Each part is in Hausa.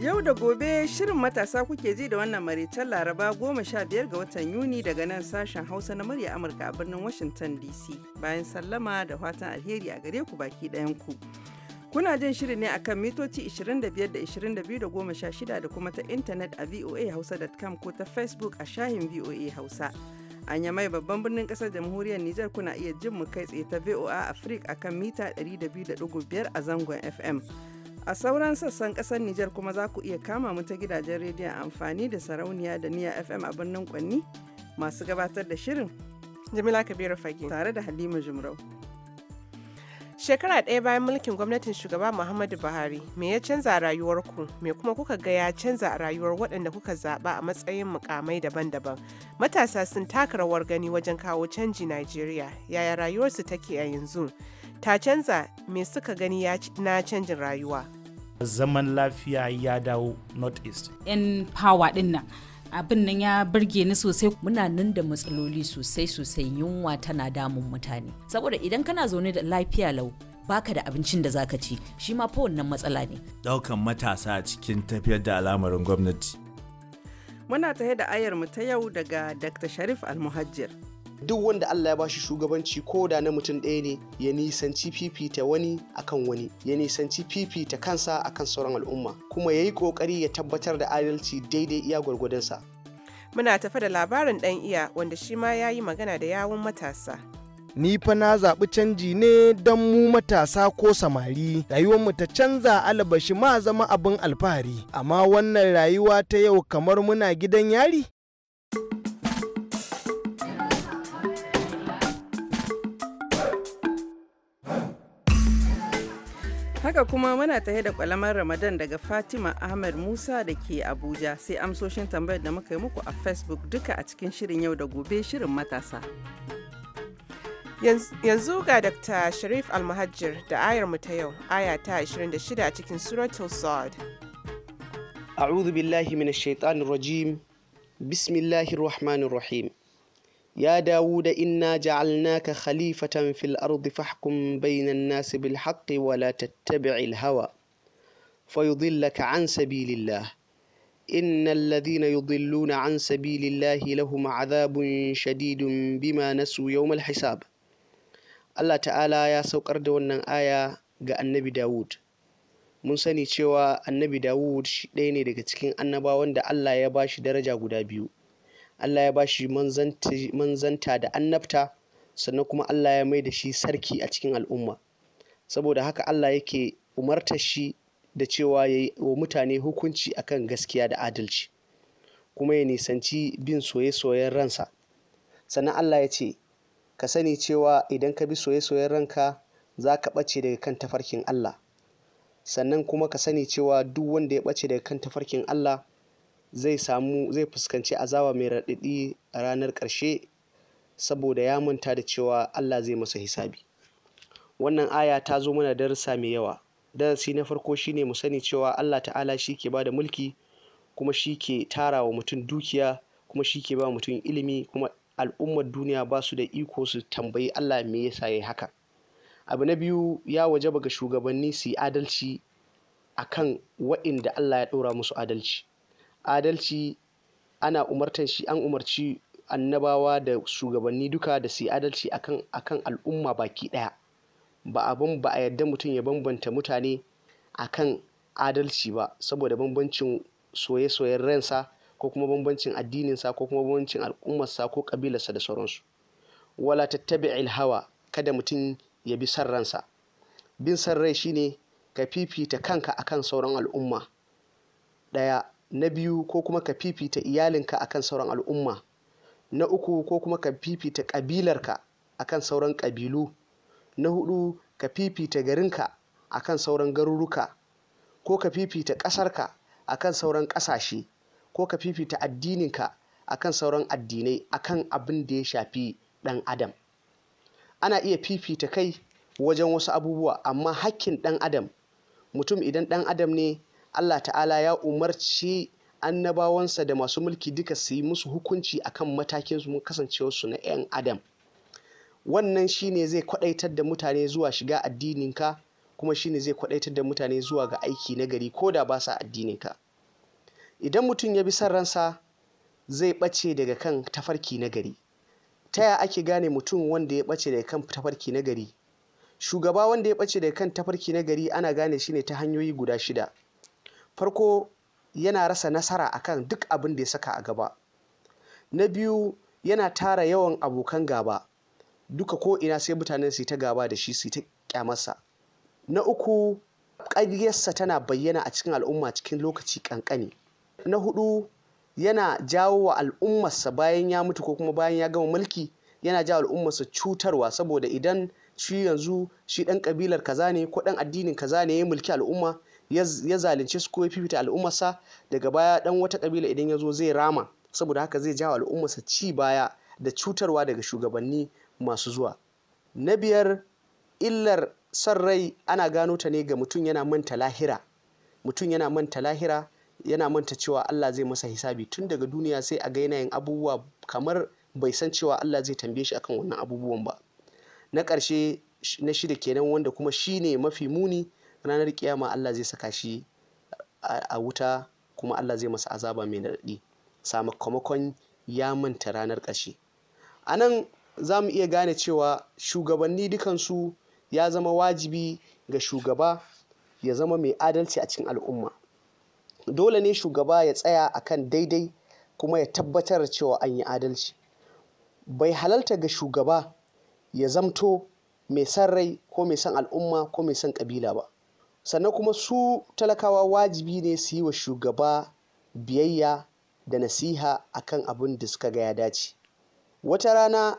Yau da gobe shirin matasa kuke ji da wannan maraicen Laraba goma sha biyar ga watan Yuni daga nan sashen Hausa na murya Amurka a birnin Washington DC. Bayan sallama da fatan alheri a gare ku baki ɗayan ku. Kuna jin shirin ne akan mitoci 25 da 22 da da kuma ta intanet a voahausa.com ko ta Facebook a shahin VOA Hausa. a mai babban birnin kasar jamhuriyar Nijar kuna iya jin mu kai tsaye ta VOA Africa akan mita 102.5 a zangon FM. A sauran sassan ƙasar Nijar kuma za ku iya kama mu ta gidajen rediyon amfani da sarauniya da niya FM a birnin Kwanni masu gabatar da shirin. Jamila Kabiru Fage. Tare da Halima Jumrau. Shekara ɗaya bayan mulkin gwamnatin shugaba Muhammadu Buhari, me ya canza rayuwarku? Me kuma kuka ga ya canza rayuwar waɗanda kuka zaɓa a matsayin mukamai daban-daban? Matasa sun taka rawar gani wajen kawo canji Najeriya. Yaya rayuwarsu take a yanzu? ta canza mai suka gani na canjin rayuwa zaman lafiya ya dawo north east yan power din nan abin nan ya birge ni sosai muna nan da matsaloli sosai sosai yunwa tana damun mutane saboda idan kana zaune da lafiya lau baka da abincin da zaka ci shi ma fa wannan matsala ne daukan matasa cikin tafiyar da al'amarin gwamnati muna tahe da ayar mu ta yau daga dr sharif almuhajjir duk wanda Allah ya bashi shugabanci ko da na mutum ɗaya ne ya nisanci fifita wani akan wani ya nisanci fifita kansa akan sauran al'umma kuma ya yi ƙoƙari ya tabbatar da adalci daidai iya gwargwadonsa. Muna tafa da labarin ɗan iya wanda shi ma ya yi magana da yawun matasa. ni fa na zaɓi canji ne don mu matasa ko samari rayuwarmu ta canza alabashi ma zama abin alfahari amma wannan rayuwa ta yau kamar muna gidan yari Haka kuma muna tahe da kwalamar Ramadan daga Fatima Ahmed Musa da ke Abuja sai amsoshin tambayar da muka yi muku a Facebook duka a cikin shirin yau da gobe shirin matasa. Yanzu ga Dr. Sharif Almahajir da ayarmu ta yau, aya ta 26 a cikin Suratul Sa'ad. A'udhu billahi mina shaitanir rajim. Bismillahir Rahmanir Rahim. ya dawu da inna ja'alna ka khalifatan fil ardi fahkum bayna nasi bil haqqi wala tattabi'i hawa fa yudhillaka an sabilillah innal ladhina yudhilluna an sabilillah lahum adhabun shadidun bima nasu yawm al hisab Allah ta'ala ya saukar da wannan aya ga annabi Dawud mun sani cewa annabi Dawud shi ɗaya ne daga cikin annabawan da Allah ya bashi daraja guda biyu Allah ya bashi manzanta da annabta sannan kuma Allah ya mai da shi sarki a cikin al'umma saboda haka Allah yake umartar shi da cewa ya yi wa mutane hukunci akan gaskiya da adalci kuma ya nisanci bin soye-soyen ransa sannan Allah ya ce ka sani cewa idan ka bi soye-soyen ranka za ka ɓace daga kan tafarkin Allah sannan kuma ka sani cewa duk wanda ya ɓace daga kan tafarkin Allah zai samu zai fuskanci azawa mai raɗaɗi a ranar ƙarshe saboda ya manta da cewa Allah zai masa hisabi wannan aya ta zo mana darasa mai yawa darasi na farko shine mu sani cewa Allah ta'ala shi ke bada mulki kuma shi ke tara wa mutum dukiya kuma shi ke ba mutum ilimi kuma al'ummar duniya ba su da iko su tambayi Allah me yasa yayi haka abu na biyu ya wajaba ga shugabanni su yi adalci akan waɗanda Allah ya ɗora musu adalci adalci ana umartan shi an umarci annabawa da shugabanni duka da su adalci akan akan al'umma baki ɗaya ba abin ba a yadda mutum ya bambanta mutane akan adalci ba saboda bambancin soye-soyen ransa ko kuma bambancin addininsa ko kuma bambancin al'ummarsa ko kabilarsa da sauransu wala tattabi'il hawa kada mutum ya bi san ransa bin san rai shine ka fifita kanka akan sauran al'umma ɗaya na biyu ko kuma ka fifita iyalinka akan sauran al'umma na uku ko kuma ka fifita ƙabilarka akan sauran ƙabilu na hudu ka fifita garinka akan sauran garuruka ko ka fifita ƙasarka akan sauran ƙasashe ko ka fifita addininka akan sauran addinai akan abin da ya shafi ɗan adam ana iya fifita kai wajen wasu abubuwa amma hakkin ɗan adam mutum idan ɗan adam ne Allah ta'ala ya umarci annabawansa da masu mulki duka su yi musu hukunci akan matakin su mun kasancewarsu na 'yan adam wannan shine zai kwadaitar da mutane zuwa shiga addininka kuma shine zai kwadaitar da mutane zuwa ga aiki na gari ko da ba sa addininka idan mutum ya bi son ransa zai ɓace daga kan tafarki na gari ta ya ake gane mutum wanda ya ɓace daga kan tafarki na gari shugaba wanda ya ɓace daga kan tafarki na gari ana gane shi ne ta hanyoyi guda shida farko yana rasa nasara akan duk abin da ya saka a gaba na biyu yana tara yawan abokan gaba duka ko ina sai mutanen su ta gaba da shi su ta kyamarsa na uku ƙaryarsa tana bayyana a cikin al'umma cikin lokaci ƙanƙani na hudu yana jawo wa al'ummarsa bayan ya mutu ko kuma bayan ya gama mulki yana jawo al'ummarsa cutarwa saboda idan shi yanzu shi ɗan ƙabilar kaza ne ko ɗan addinin kaza ne ya mulki al'umma ya zalunce su ko ya fifita al'ummarsa daga baya dan wata kabila idan ya zo zai rama saboda haka zai jawo al'ummarsa ci baya da cutarwa daga shugabanni masu zuwa na biyar illar son rai ana gano ta ne ga mutum yana manta lahira mutum yana manta lahira yana manta cewa Allah zai masa hisabi tun daga duniya sai a ga yanayin abubuwa kamar bai san cewa Allah zai tambaye shi akan wannan abubuwan ba na karshe na shida kenan wanda kuma shine mafi muni ranar kiyama Allah zai saka shi a wuta kuma Allah zai masa azaba mai naɗi sakamakon ya manta ranar ƙashi a nan za mu iya gane cewa shugabanni dukansu ya zama wajibi ga shugaba ya zama mai adalci a cikin al'umma dole ne shugaba ya tsaya a kan daidai kuma ya tabbatar cewa an yi adalci bai halalta ga shugaba ya zamto mai san rai ko mai san al'umma ko mai san ƙabila ba sannan kuma su talakawa wajibi ne su yi wa shugaba biyayya da nasiha akan abin da suka ga ya dace wata rana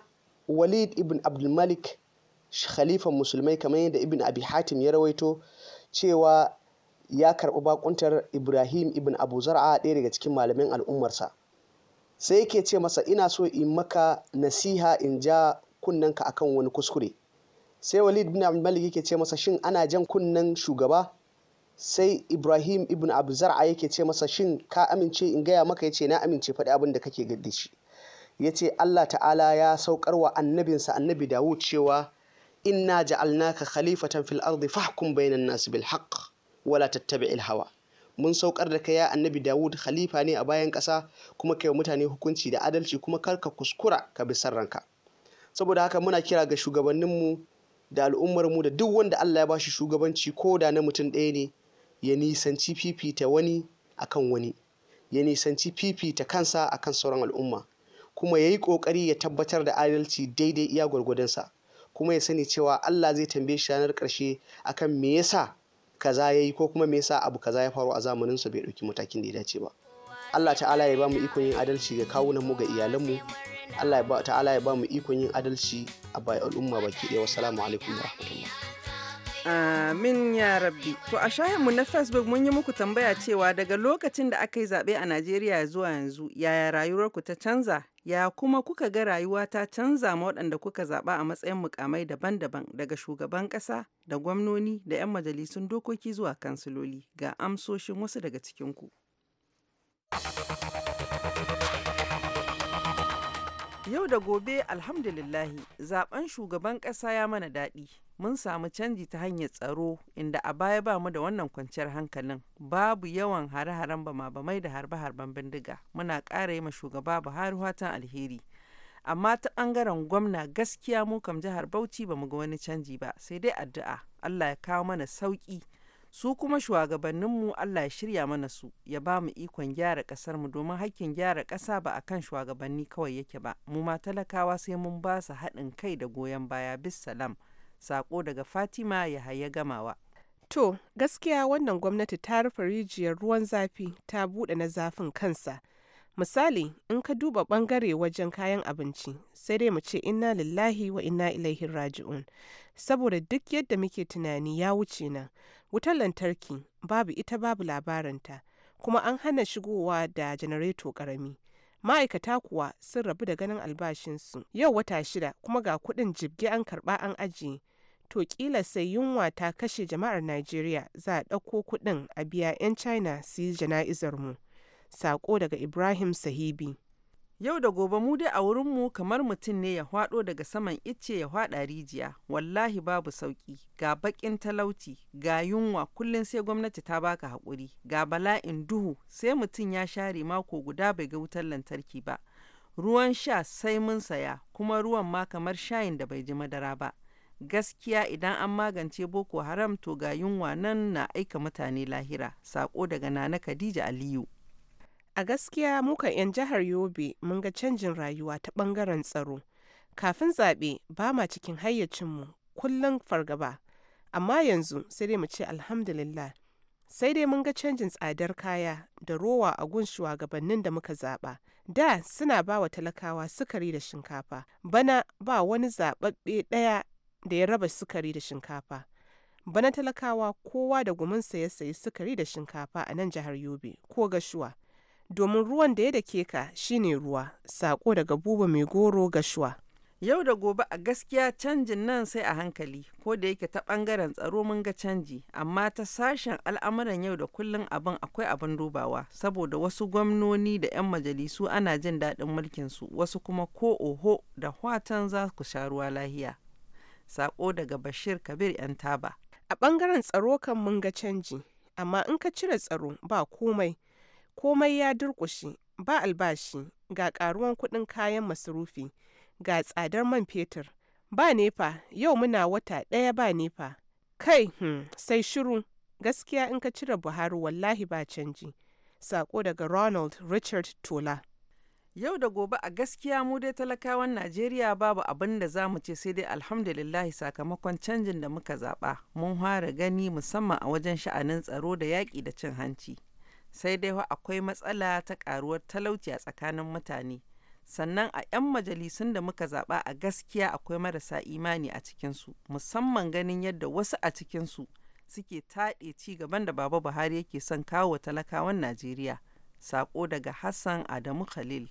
walid ibn abdulmalik khalifan musulmai kamar yadda ibn abi hatim ya rawaito cewa ya karɓi bakuntar ibrahim ibn abu zar'a ɗaya daga cikin malamin al'ummarsa sai yake ce masa ina so in maka nasiha in ja kunnanka akan wani kuskure sai walid ibn abdul malik yake ce masa shin ana jan kunnen shugaba sai ibrahim ibn zar'a yake ce masa shin ka amince in gaya maka ya ce na amince faɗi abin da kake gaddi shi ce Allah ta'ala ya saukar wa annabinsa annabi dawud cewa inna ja'alnaka khalifatan fil ardi fahkum bainan nas bil haqq wala tattabi'il hawa mun saukar da kai ya annabi dawud khalifa ne a bayan kasa kuma kai mutane hukunci da adalci kuma kar ka kuskura ka bi sarranka saboda haka muna kira ga shugabanninmu da al'ummar mu da duk wanda Allah ya bashi shugabanci ko da na mutum ɗaya ne ya nisanci fifita wani akan wani ya nisanci fifita kansa akan sauran al'umma kuma ya yi ƙoƙari ya tabbatar da adalci daidai iya gwargwadonsa kuma ya sani cewa Allah zai tambaye shi ranar ƙarshe akan me yasa kaza ya yi ko kuma me yasa abu kaza ya faru a zamanin zamaninsa bai ɗauki matakin da ya dace ba Allah ta'ala ya ba mu ikon yin adalci ga kawunan mu ga iyalanmu Allah ta'ala ya ba mu ikon yin adalci a bayan al'umma baki ɗaya wassalamu alaikum wa Amin ya rabbi. To a shahinmu na Facebook mun yi muku tambaya cewa daga lokacin da aka yi zaɓe a Najeriya zuwa yanzu yaya rayuwarku ta canza? Ya kuma kuka ga rayuwa ta canza ma waɗanda kuka zaɓa a matsayin mukamai daban-daban daga shugaban ƙasa da gwamnoni da 'yan majalisun dokoki zuwa kansiloli ga amsoshin wasu daga cikinku. Yau da gobe alhamdulillahi zaben shugaban ƙasa ya mana daɗi. Mun samu canji ta hanyar tsaro inda a baya ba mu da wannan kwanciyar hankalin. Babu yawan hare-haren bama-bamai da harbe-harben bindiga. Muna ƙara yi ma shugaba Buhari watan alheri. Amma ta ɓangaren gwamna gaskiya mu kam jihar Bauchi ba mu ga wani canji ba sai dai addu'a. Allah ya kawo mana sauƙi. su kuma shugabanninmu Allah ya shirya mana su ya ba mu ikon gyara ƙasar mu domin hakkin gyara ƙasa ba kan shugabanni kawai yake ba mu ma talakawa sai mun ba su haɗin kai da goyon baya bis salam sako daga Fatima ya Yahaya Gamawa to gaskiya wannan gwamnati ta rufe rijiyar ruwan zafi ta buɗe na zafin kansa misali in ka duba bangare wajen kayan abinci sai dai mu ce inna lillahi wa inna ilaihi raji'un saboda duk yadda muke tunani ya wuce nan Wutar lantarki babu ita babu labarinta, kuma an hana shigowa da janareto ƙarami. Ma'aikata kuwa sun rabu da ganin albashinsu yau wata shida kuma ga kudin jibge an karba an ajiye. To kila sai yunwa ta kashe jama'ar Najeriya za a ɗauko kudin a biya 'yan China su yi jana'izar mu. Sako daga Ibrahim Sahibi. Yau da gobe mu dai a wurin mu kamar mutum ne ya hwaɗo daga saman icce ya hwaɗa rijiya, wallahi babu sauƙi, ga baƙin talauci, ga yunwa kullum sai gwamnati ta baka haƙuri, ga bala'in duhu sai mutum ya share mako guda bai ga wutar lantarki ba. Ruwan sha sai mun saya, kuma ruwan ma kamar shayin da bai ji madara ba. Gaskiya idan an magance Boko Haram to ga yunwa nan na aika mutane lahira, sako daga Nana Khadija Aliyu. A gaskiya muka 'yan jihar Yobe mun ga canjin rayuwa ta bangaren tsaro. Kafin zaɓe ba ma cikin hayyacinmu kullum fargaba, amma yanzu sai dai mu ce alhamdulillah. Sai dai mun ga canjin tsadar kaya da rowa a gun shugabannin da muka zaɓa. Da suna ba wa talakawa sukari da shinkafa, bana ba wani zaɓaɓɓe ɗaya da ya raba sukari da shinkafa. Bana talakawa kowa da guminsa ya sayi sukari da shinkafa a nan jihar Yobe ko gashuwa. domin ruwan da ya dake ka shine ruwa sako daga buba mai goro ga Shuwa. yau da gobe a gaskiya canjin nan sai a hankali ko da yake ta bangaren tsaro mun ga canji amma ta sashen al'amuran yau da kullun abin akwai abin dubawa saboda wasu gwamnoni da 'yan majalisu ana jin daɗin mulkinsu wasu kuma ko oho da watan za ku sha ruwa lahiya sako daga bashir kabir 'yan taba a bangaren tsaro kan mun ga canji amma in ka cire tsaro ba komai komai ya durƙushe ba albashi ga ƙaruwan kuɗin kayan masarufi ga tsadar man fetur ba nefa yau muna wata ɗaya ba nefa kai hmm, sai shiru gaskiya in ka cire buhari wallahi ba canji sako daga ronald richard tola yau da gobe a gaskiya mu dai talakawan najeriya babu abin da za mu ce sai dai alhamdulillahi sakamakon canjin da muka zaɓa mun fara gani musamman a wajen sha'anin tsaro da yaƙi da cin hanci sai dai akwai matsala ta karuwar talauci a tsakanin mutane sannan a 'yan majalisun da muka zaɓa a gaskiya akwai marasa imani a cikinsu musamman ganin yadda wasu a cikinsu suke taɗe ci gaban da baba buhari yake son kawo wa talakawan najeriya sako daga hassan adamu khalil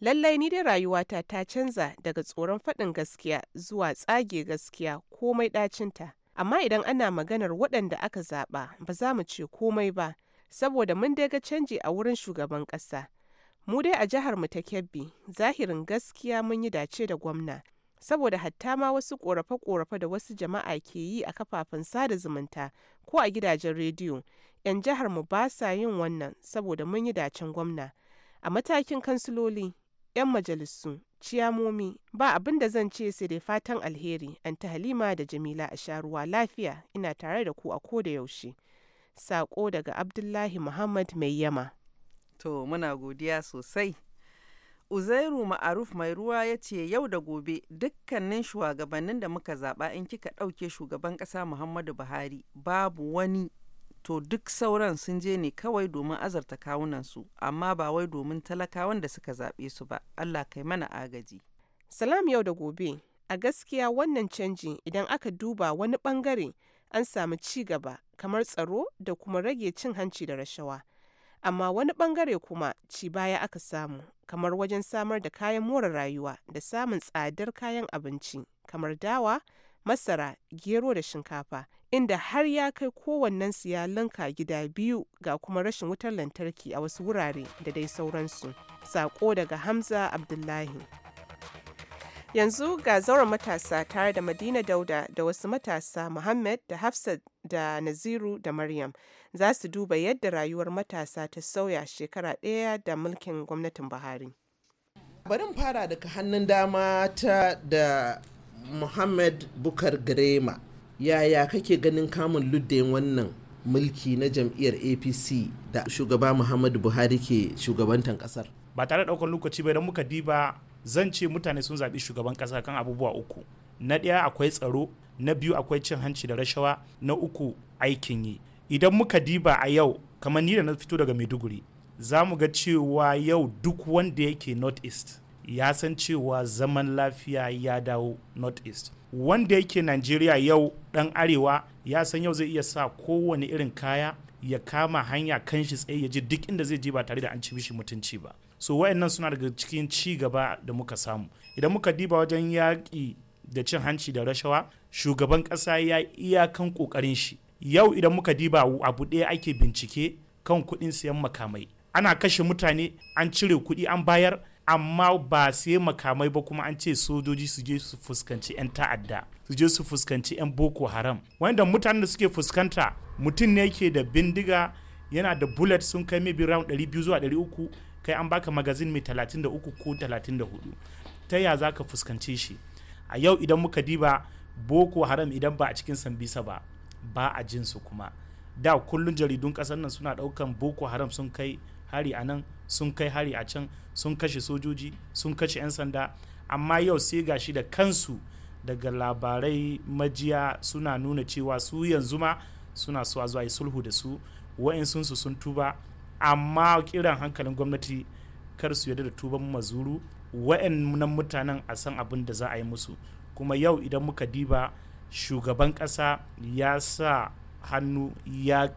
lallai ni dai rayuwata ta canza daga tsoron faɗin gaskiya zuwa tsage gaskiya komai ɗacinta amma idan ana maganar waɗanda aka zaɓa ba za mu ce komai ba saboda mun dai ga canji a wurin shugaban ƙasa. Mu dai a jihar mu ta Kebbi, zahirin gaskiya mun yi dace da gwamna, saboda hatta ma wasu ƙorafe-ƙorafe da wasu jama'a ke yi a kafafen sada zumunta ko a gidajen rediyo, 'yan jihar mu ba sa yin wannan saboda mun yi dacen gwamna. A matakin kansiloli, 'yan majalisu, ciyamomi, ba abin da zan ce sai dai fatan alheri, an Halima da Jamila a sharuwa lafiya ina tare da ku a ko da yaushe. Sako daga Abdullahi Muhammad mai yama. To muna godiya sosai. Uzairu Ma'aruf mai ruwa ya ce yau da gobe dukkanin shugabannin da muka zaɓa in kika ɗauke shugaban ƙasa Muhammadu Buhari babu wani to duk sauran sun je ne kawai domin azarta kawunansu amma ba wai domin talakawan da suka zaɓe su ba Allah kai mana agaji. Salam yau da gobe a gaskiya wannan canji idan aka duba wani ɓangare an samu ci gaba kamar tsaro da kuma rage cin hanci da rashawa. Amma wani bangare kuma ci baya aka samu kamar wajen samar da kayan more rayuwa da samun tsadar kayan abinci kamar dawa, masara, gero da shinkafa inda har ya kai kowannensu ya linka gida biyu ga kuma rashin wutar lantarki a wasu wurare da dai sauransu. Sako daga Hamza Abdullahi. Yanzu ga zauren matasa tare da Madina Dauda da wasu matasa Muhammad da Hafsat da Naziru da Maryam za su duba yadda rayuwar matasa ta sauya shekara ɗaya da mulkin gwamnatin Buhari. Bari fara daga hannun dama ta da Muhammad Bukar grema Yaya kake ganin kamun ludden wannan mulki na jam'iyyar APC da shugaba Muhammadu Buhari ke shugabantan kasar? Ba tare da ɗaukar lokaci bai idan muka diba zan ce mutane sun zaɓi shugaban ƙasa kan abubuwa uku na ɗaya akwai tsaro na biyu akwai cin hanci da rashawa na uku aikin yi idan muka diba a yau kamar ni da na fito daga maiduguri za mu ga cewa yau duk wanda yake north east ya san cewa zaman lafiya ya dawo north east wanda yake najeriya yau ɗan arewa ya san yau zai iya sa kowane irin kaya ya kama hanya kan shi tsaye ya ji duk inda zai je ba tare da an ci mishi mutunci ba so wayannan suna daga cikin ci gaba da muka samu idan muka diba wajen yaƙi da cin hanci da rashawa shugaban ƙasa ya iyakan ƙoƙarin shi yau idan muka diba abu ɗaya ake bincike kan kuɗin siyan makamai ana kashe mutane an cire kuɗi an bayar amma ba sai makamai ba kuma an ce sojoji su je su fuskanci 'yan ta'adda su je su fuskanci 'yan boko haram wanda mutanen da suke fuskanta mutum ne yake da bindiga yana da bullet sun kai mebi round 200 zuwa 300 kai an baka magazin mai 33 ko 34 ta ya za ka fuskanci shi a yau idan muka diba boko haram idan ba a cikin sambisa ba ba a jin su kuma da kullun jaridun kasar nan suna daukan boko haram sun kai hari a nan sun kai hari a can sun kashe sojoji sun kashe 'yan sanda amma yau sai gashi da kansu daga labarai majiya suna nuna cewa su yanzu ma suna so a zuwa yi sulhu da su sun su sun tuba amma kiran hankalin gwamnati kar su yarda da tuban mazuru wa'annan mutanen a san abin da za a yi musu kuma yau idan muka diba shugaban ƙasa ya sa hannu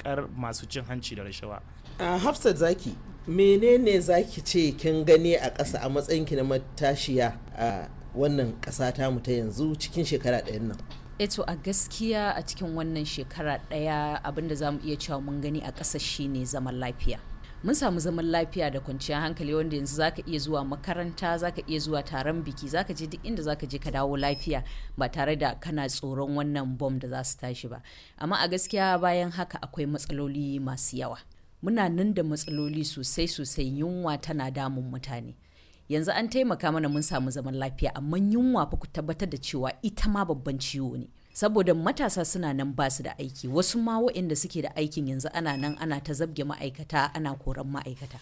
kar masu cin hanci da rashawa a hafsat zaki menene zaki ce kin gani a ƙasa a matsayinki na matashiya a wannan ta mu ta yanzu cikin shekara ɗayan nan eto eh a gaskiya a cikin wannan shekara ɗaya abinda za mu iya cewa mun gani a ƙasa shine zaman lafiya mun samu zaman lafiya da kwanciyar hankali wanda yanzu zaka iya zuwa makaranta zaka iya zuwa taron biki zaka je duk inda zaka je ka dawo lafiya ba tare da kana tsoron wannan bom da za su tashi ba amma a gaskiya bayan haka akwai matsaloli masu yawa muna nan da matsaloli sosai sosai yunwa tana damun mutane yanzu an taimaka mana mun samu zaman lafiya amma yunwa fa ku tabbatar da cewa ita ma babban ciwo ne saboda matasa suna nan ba su da aiki wasu ma waɗanda suke da aikin yanzu ana nan ana ta zabge ma'aikata ana koran ma'aikata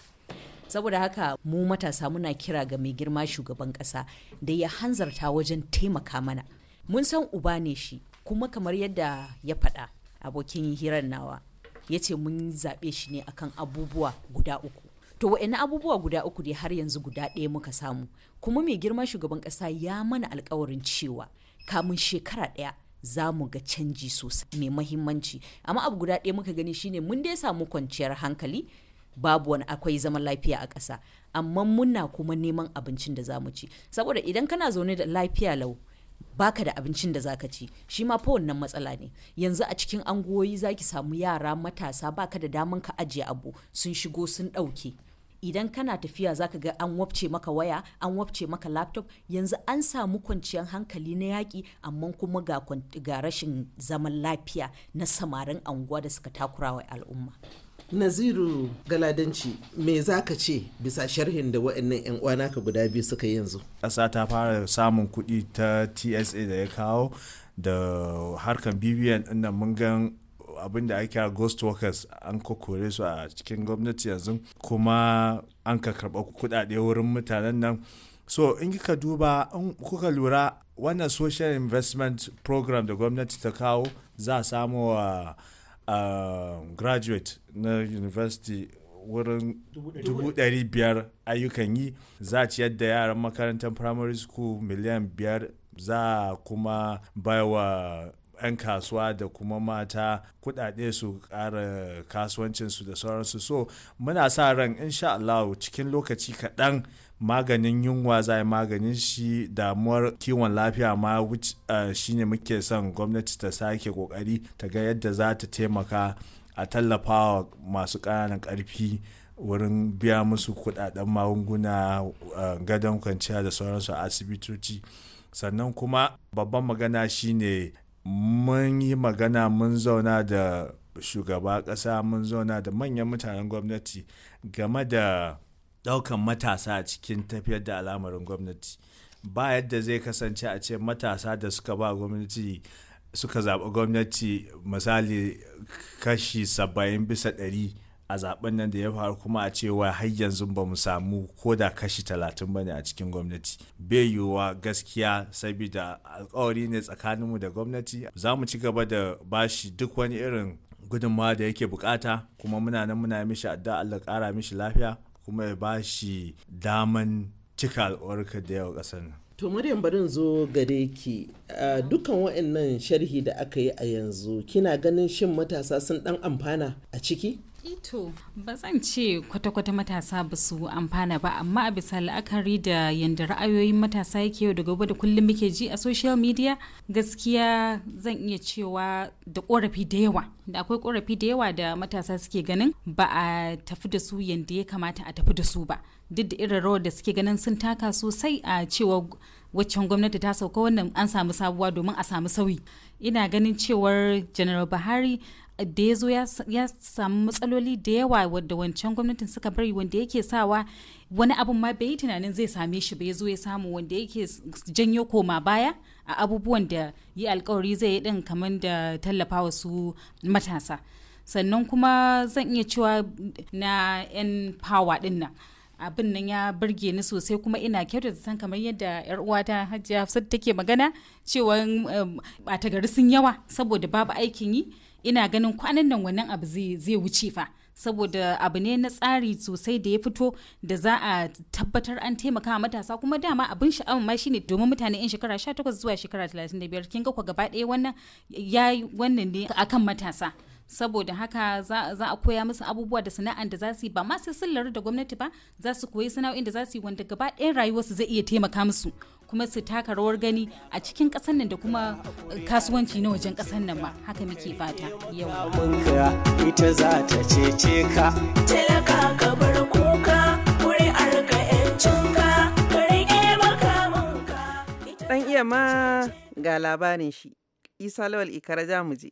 saboda haka mu matasa muna kira ga mai girma shugaban ƙasa da ya hanzarta wajen taimaka mana mun san uba ne shi kuma kamar yadda ya faɗa abokin hirar nawa ya ce mun zaɓe shi ne akan abubuwa guda uku to wa'ina abubuwa guda uku dai har yanzu guda ɗaya muka samu kuma mai girma shugaban ƙasa ya mana alkawarin cewa kamun shekara ɗaya za mu ga canji sosai mai mahimmanci amma abu guda ɗaya muka gani shine mun dai samu kwanciyar hankali babu wani akwai zaman lafiya a ƙasa amma muna kuma neman abincin da za mu ci saboda idan kana zaune da lafiya lau baka da abincin da zaka ci shi ma fa wannan matsala ne yanzu a cikin anguwoyi zaki samu yara matasa baka da daman ka ajiye abu sun shigo sun ɗauke idan kana tafiya zaka ga an wabce maka waya an wabce maka laptop yanzu an samu kwanciyar hankali na yaƙi amma kuma ga rashin zaman lafiya na samarin anguwa da suka takura wa al'umma naziru galadanci me za ka ce bisa sharhin da waɗannan 'yan uwa ka guda biyu suka yanzu ƙasa ta fara samun kuɗi ta tsa da ya kawo da harkan bbn ɗin mun gan abin da ake ghost workers an kokore su a cikin gwamnati yanzu kuma an ka karɓa kuɗaɗe wurin mutanen nan so in kika duba in kuka lura wannan social investment program da gwamnati ta kawo za a samu wa graduate na university wurin 500 ayyukan yi za a ciyar da yaran makarantar primary school miliyan biyar za a kuma baiwa 'yan kasuwa da kuma mata kudade su ƙara kasuwancinsu da sauransu so muna sa ran insha Allah cikin lokaci kaɗan maganin yunwa za a maganin shi damuwar kiwon lafiya ma shine muke son gwamnati ta sake kokari ta ga yadda za ta taimaka a tallafawa masu ƙananan ƙarfi wurin biya musu kudaden magunguna gadon kwanciya da sauransu a asibitoci sannan kuma babban magana shine mun yi magana mun zauna da shugaba ƙasa mun zauna da manyan mutanen gwamnati game da ɗaukan matasa a cikin tafiyar da al'amarin gwamnati ba yadda zai kasance a ce matasa da suka ba gwamnati suka zaɓi gwamnati misali kashi saba'in bisa ɗari a zaben nan da ya faru kuma a cewa har yanzu ba mu samu ko da kashi talatin ba ne a cikin gwamnati bai yiwuwa gaskiya saboda alkawari ne tsakaninmu da gwamnati za mu ci gaba da bashi duk wani irin gudunmawa da yake bukata kuma muna nan muna mishi addu'a Allah kara mishi lafiya kuma ya bashi daman cika alkawarka da yawa kasar to maryam barin zo gare ki dukkan wa'annan sharhi da aka yi a yanzu kina ganin shin matasa sun dan amfana a ciki ito ba zan ce kwata-kwata matasa ba su amfana ba amma a bisa la'akari da yadda ra'ayoyin matasa yake yau da gobe da kullum muke ji a social media gaskiya zan iya cewa da korafi da yawa da akwai korafi da yawa da matasa suke ganin ba a tafi da su yadda ya kamata a tafi da su ba duk da irin rawar da suke ganin sun taka sosai a cewa waccan gwamnati ta sauka wannan an samu sabuwa domin a samu sauyi ina ganin cewar general buhari da ya zo ya samu matsaloli da yawa wadda wancan gwamnatin suka bari wanda yake sawa wani abun ma bai yi tunanin zai same shi ba ya zo ya samu wanda yake janyo koma baya a abubuwan da yi alkawari zai yi din kamar da tallafa su matasa sannan kuma zan iya cewa na 'yan power din nan abin nan ya burge ni sosai kuma ina kyautata san kamar yadda yar uwata Hajiya Hafsat take magana cewa um, ɓata gari sun yawa saboda babu aikin yi ina ganin kwanan nan wannan abu zai wuce fa saboda abu ne na tsari sosai da ya fito da za a tabbatar an taimaka matasa kuma dama abin sha'awar ma shine domin mutane yan shekara 18 zuwa shekara 35 kin ga ku gaba ɗaya wannan ya wannan ne akan matasa saboda haka za a koya musu abubuwa da sana'an da za su yi ba ma sai sun da gwamnati ba za su koyi sana'o'in da za su yi wanda gaba ɗaya rayuwarsu zai iya taimaka musu kuma su taka rawar gani a cikin kasan nan da kuma eh, kasuwanci na wajen ƙasar nan ma haka muke fata yau ita za ta cece ka talaka ka bar kuka kuri'ar ka yancinka ka rike makamanka dan iya ma ga labarin shi isa lawal ikara za mu je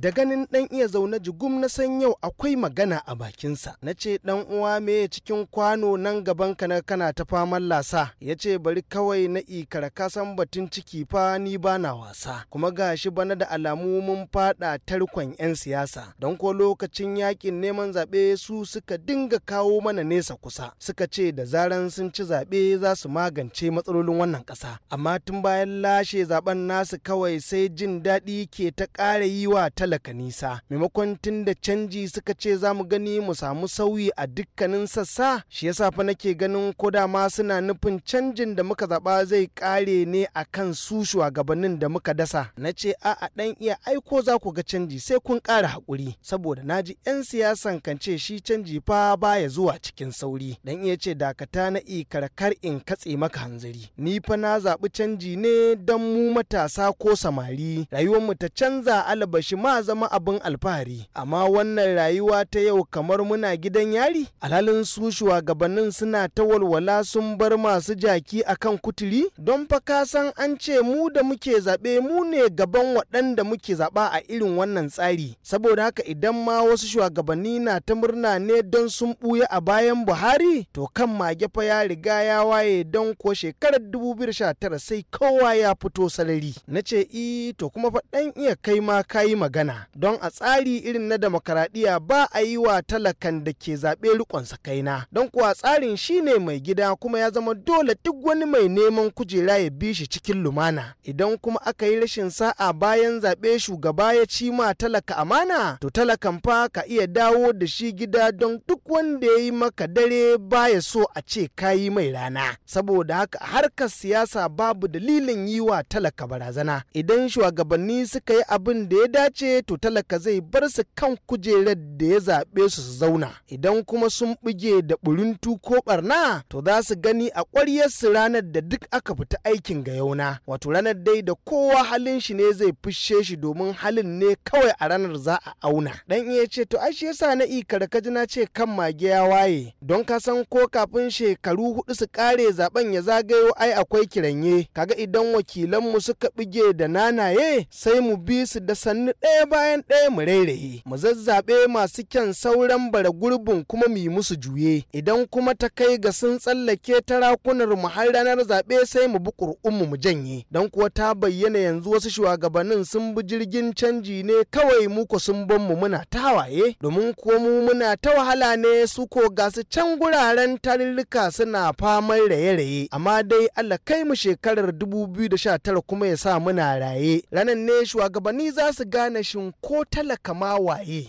da ganin ɗan iya zaune jigum na san yau akwai magana a bakinsa na ce ɗan uwa me cikin kwano nan gaban ka na kana ta faman lasa ya ce bari kawai na ikara kasan batun ciki fa ni ba na wasa kuma gashi bana da alamu mun faɗa tarkon 'yan siyasa don ko lokacin yakin neman zaɓe su suka dinga kawo mana nesa kusa suka ce da zaran sun ci zaɓe za su magance matsalolin wannan ƙasa amma tun bayan lashe zaben nasu kawai sai jin daɗi ke ta ƙara yiwa ta talaka nisa maimakon tun da canji suka ce za mu gani mu samu sauyi a dukkanin sassa shi yasa fa nake ganin ko da ma suna nufin canjin da muka zaba zai kare ne a kan su shugabannin da muka dasa na ce a'a dan iya aiko za ku ga canji sai kun kara hakuri. saboda na ji 'yan siyasan kan ce shi canji fa baya zuwa cikin sauri dan iya ce dakata na karkar in katse maka hanzari ni fa na zaɓi canji ne dan mu matasa ko samari rayuwarmu ta canza alabashi ma zama abin alfahari amma wannan rayuwa ta yau kamar muna gidan yari alhalin su shugabannin suna ta walwala sun bar masu jaki akan kuturi don fa ka san an ce mu da muke zaɓe mu ne gaban waɗanda muke zaɓa a irin wannan tsari saboda haka idan ma wasu shugabanni na ta murna ne don sun ɓuya a bayan buhari to kan mage fa ya riga ya waye don ko shekarar 2019 sai kowa ya fito sarari na ce i to kuma fa ɗan iya kai ma kayi magana magana don a tsari irin na demokaradiyya ba a yi wa talakan da ke zaɓe rikon kaina. don kuwa tsarin shi ne mai gida kuma ya zama dole duk wani mai neman kujera ya bi shi cikin lumana idan kuma aka yi rashin sa'a bayan zaɓe shugaba ya ci ma talaka amana to talakan fa ka iya dawo da shi gida don duk wanda ya yi maka dare baya so a ce ka yi mai rana saboda haka harkar siyasa babu dalilin yi wa talaka barazana idan shugabanni suka yi abin da ya dace ce to talaka zai bar su kan kujerar da ya zaɓe su su zauna idan kuma sun buge da burintu ko barna to za su gani a ƙwaryar su ranar da duk aka fita aikin ga yauna wato ranar dai da kowa halin shi ne zai fishe shi domin halin ne kawai a ranar za a auna dan iya ce to ai shi yasa na i karkaji na ce kan mage ya waye don ka san ko kafin shekaru hudu su kare zaben ya zagayo ai akwai kiranye kaga idan wakilanmu suka buge da nanaye sai mu bi su da sannu ɗaya ɗaya bayan ɗaya mu rairaye mu zazzaɓe masu kyan sauran bara gurbin kuma mu yi musu juye idan kuma ta kai ga sun tsallake ta rakunar mu har ranar zaɓe sai mu bi ƙur'unmu mu janye don kuwa ta bayyana yanzu wasu shugabannin sun bi jirgin canji ne kawai mu ko sun ban mu muna ta hawaye domin kuwa mu muna ta wahala ne su ko ga su can guraren tarurruka suna faman raye-raye amma dai Allah kai mu shekarar 2019 kuma ya sa muna raye ranar ne shugabanni za su gane Shin ko talaka ma waye.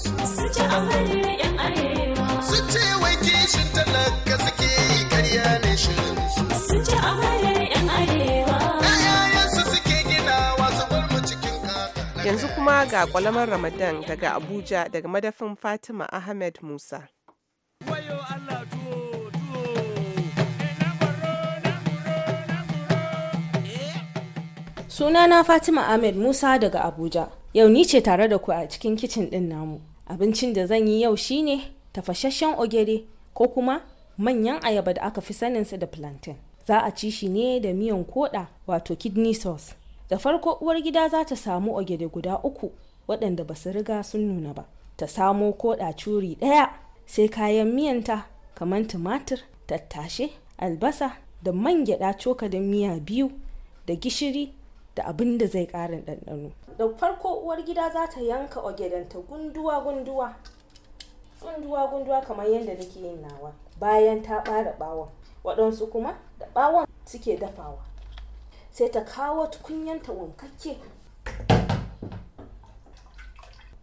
Su ce wai kishin Yanzu kuma ga kwalamar Ramadan daga Abuja daga madafin Fatima Ahmed Musa. Eh? sunana fatima ahmed musa daga abuja Yau ni ce tare da ku a cikin kicin ɗin namu. Abincin da zan yi yau shine tafasasshen ogere ko kuma manyan ayaba da aka fi saninsa da plantain. Za a ci shi ne da miyan koɗa wato kidney sauce. Da farko uwar gida za ta samu ogere guda uku waɗanda ba su riga sun nuna ba. Ta samo koɗa curi ɗaya sai kayan miyan ta kamar tumatir, tattashe, albasa da man gyaɗa cokalin miya biyu da gishiri da abin da zai karin ɗanɗano. da farko uwar gida za ta yanka ogedanta gunduwa gunduwa gunduwa gunduwa kamar yadda nake yin nawa bayan ta ɓara ɓawon waɗansu kuma da ɓawon suke dafawa sai ta kawo tukunyanta wankakke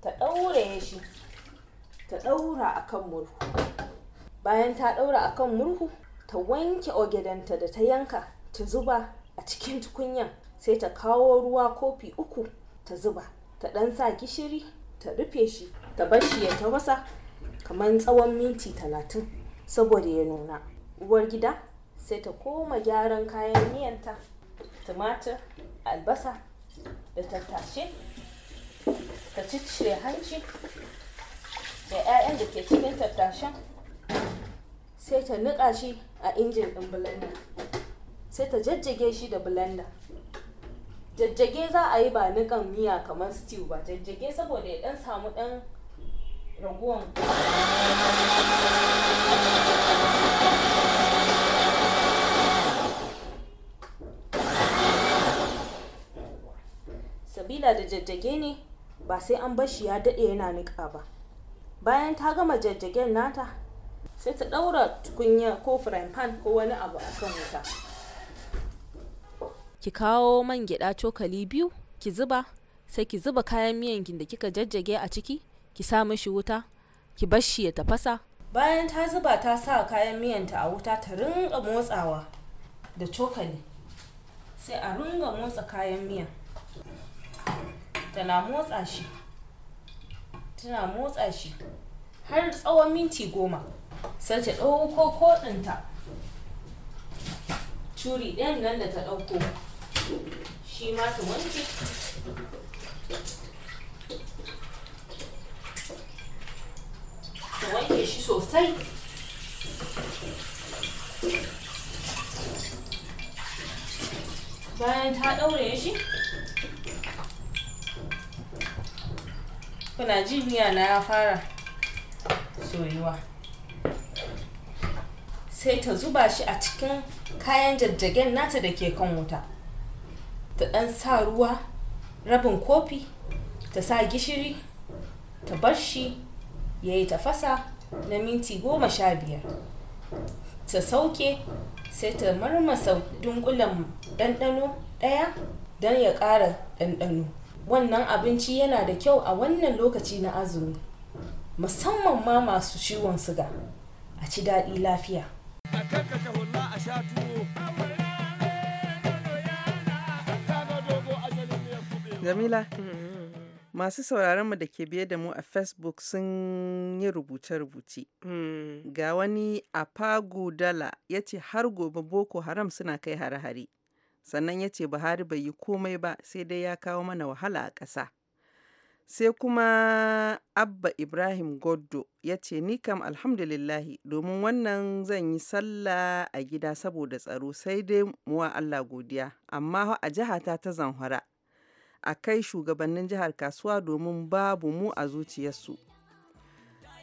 ta ɗaure shi ta ɗaura a kan murhu bayan ta ɗaura a kan murhu ta wanke ogedanta da ta yanka ta zuba a cikin tukunyan sai ta kawo ruwa kofi uku ta zuba ta ɗan sa gishiri ta rufe shi ta bar shi ya tafasa kamar tsawon minti talatin saboda ya nuna uwar gida sai ta koma gyaran kayan miyanta tumatir albasa da tattashe ta ciccire hanci da 'ya'yan da ke cikin tattashen sai ta niƙa shi a injin ɗin blender sai ta jajjage shi da blender jajjage za a yi ba nikan miya kamar stew ba jajjage saboda ya dan samu dan raguwan sabila da jajjage ne ba sai an bashi ya dade yana nika ba bayan ta gama jajjagen nata sai ta daura tukunya ko frying pan ko wani abu a kan wuta ki kawo man gyaɗa cokali biyu ki zuba sai ki zuba kayan miyan da kika jajjage a ciki ki sa mishi wuta ki bar shi ya tafasa bayan ta zuba ta sa kayan miyanta a wuta ta ringa motsawa da cokali sai a ringa motsa kayan miyan tana motsa shi tana motsa shi har tsawon minti goma sai ta ɗauko koɗinta curi ɗayan nan da ta ɗauko shi ma su wanke su wanke shi sosai bayan ta ɗaure shi kuna ji miya na ya fara soyuwa sai ta zuba shi a cikin kayan jajjagen nata da ke kan wuta ta ɗan sa ruwa rabin kofi ta sa gishiri ta bar shi ya yi tafasa na minti goma sha biyar ta sauke sai ta marmasa dunkulen ɗanɗano ɗaya don ya ƙara ɗanɗano wannan abinci yana da kyau a wannan lokaci na azumi musamman ma masu ciwon suga a ci daɗi lafiya. Jamila. Mm, mm, mm. Masu mu da ke biye da mu a Facebook sun yi rubuce-rubuce. Ga wani Apagudala ya ce har gobe Boko Haram suna kai hare-hare. Sannan ya ce Buhari bai yi komai ba sai dai ya kawo mana wahala a ƙasa. sai kuma abba ibrahim goddo ya ce ni kam alhamdulillahi domin wannan zan yi sallah a gida saboda tsaro sai dai muwa allah godiya amma a jihata ta zanhara a kai shugabannin jihar kasuwa domin babu mu a zuciyarsu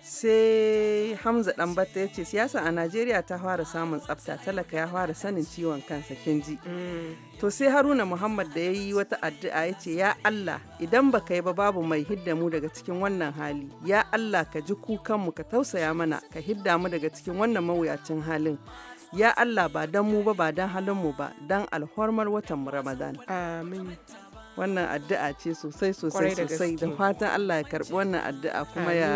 sai hamza ɗanbata ya ce siyasa a najeriya ta fara samun tsafta talaka ya fara sanin ciwon kansa kinji mm. to sai haruna muhammad da ya yi wata addu'a ya ce ya allah idan baka yi ba babu mai hidda mu daga cikin wannan hali ya allah ka ji kukanmu ka tausaya mana ka hidda mu daga cikin wannan mawuyacin halin ya allah ba don mu ba ba don halin mu ba don alhormar watan ramadan amin wannan addu'a ce sosai sosai sosai da fatan Allah ya karbi wannan addu'a kuma ya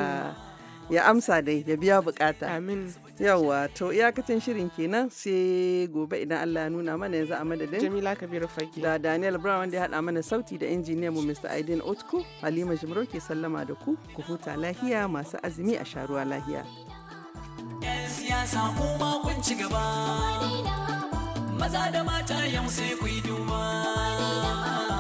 ya amsa dai ya biya bukata amin yawa to iyakacin shirin kenan sai gobe idan Allah ya nuna mana yanzu a madadin Jamila Kabiru Fage da Daniel Brown wanda ya hada mana sauti da injiniyan mu Mr. Aiden Otku Halima Jimro ke sallama da ku ku huta lahiya masu azumi a sharuwa lahiya yan siyasa kuma kun gaba maza da mata yau sai ku yi duba